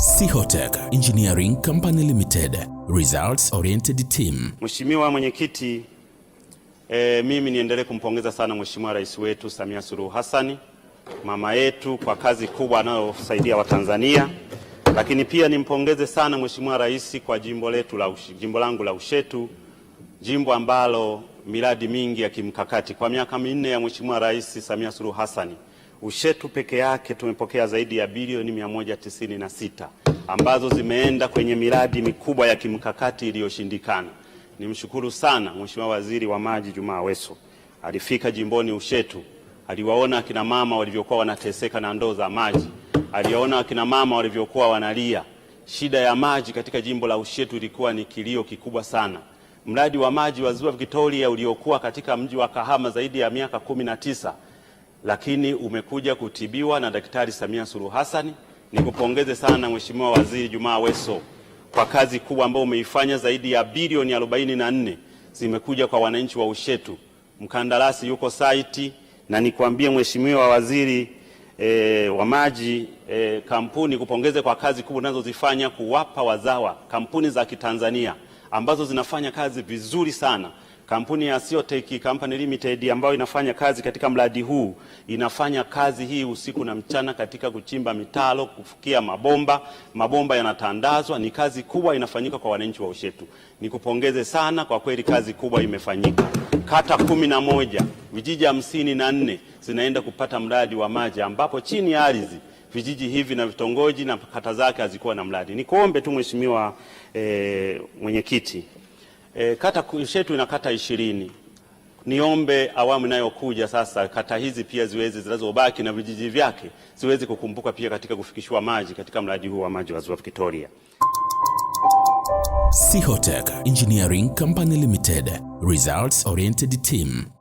Sihotech Engineering Company Limited, results oriented team. Mheshimiwa Mwenyekiti, e, mimi niendelee kumpongeza sana Mheshimiwa Rais wetu Samia Suluhu Hassan mama yetu kwa kazi kubwa anayosaidia Watanzania, lakini pia nimpongeze sana Mheshimiwa Rais kwa jimbo letu la ushi, jimbo langu la Ushetu, jimbo ambalo miradi mingi ya kimkakati kwa miaka minne ya Mheshimiwa Rais Samia Suluhu Hassani Ushetu peke yake tumepokea zaidi ya bilioni sita ambazo zimeenda kwenye miradi mikubwa ya kimkakati iliyoshindikana. Nimshukuru sana Mheshimiwa Waziri wa Maji Jumaa Aweso, alifika jimboni Ushetu, aliwaona akina mama walivyokuwa wanateseka na ndoo za maji, aliwaona akina mama walivyokuwa wanalia. Shida ya maji katika jimbo la Ushetu ilikuwa ni kilio kikubwa sana. Mradi wa maji wa Ziwa Victoria uliokuwa katika mji wa Kahama zaidi ya miaka kumi na tisa lakini umekuja kutibiwa na Daktari Samia Suluhu Hassan. Nikupongeze sana Mheshimiwa Waziri Jumaa Aweso kwa kazi kubwa ambayo umeifanya. Zaidi ya bilioni nne zimekuja kwa wananchi wa Ushetu, mkandarasi yuko saiti, na nikwambie Mheshimiwa Waziri E, wa maji e, kampuni kupongeze kwa kazi kubwa unazozifanya kuwapa wazawa kampuni za Kitanzania ambazo zinafanya kazi vizuri sana. Kampuni ya Siotech Company Limited ambayo inafanya kazi katika mradi huu inafanya kazi hii usiku na mchana katika kuchimba mitalo, kufukia mabomba, mabomba yanatandazwa. Ni kazi kubwa inafanyika kwa wananchi wa Ushetu. Nikupongeze sana kwa kweli, kazi kubwa imefanyika. Kata kumi na moja, vijiji hamsini na nne zinaenda kupata mradi wa maji, ambapo chini ya ardhi vijiji hivi na vitongoji na kata zake hazikuwa na mradi. Nikuombe tu mheshimiwa eh, mwenyekiti E, kata yetu ina kata ishirini. Niombe awamu inayokuja sasa kata hizi pia ziweze zinazobaki na vijiji vyake ziweze kukumbuka pia katika kufikishiwa maji katika mradi huu wa maji wa Ziwa Victoria. Sihotech Engineering Company Limited, results oriented team.